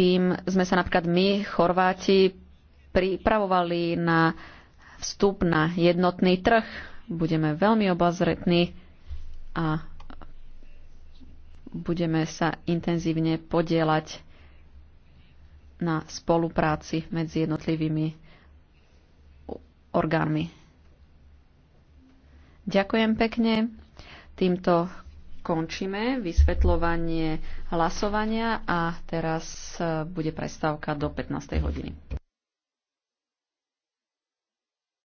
tým sme sa napríklad my, Chorváti, pripravovali na vstup na jednotný trh. Budeme veľmi obazretní a budeme sa intenzívne podielať na spolupráci medzi jednotlivými orgánmi. Ďakujem pekne. Týmto končíme vysvetľovanie hlasovania a teraz e, bude prestávka do 15. hodiny.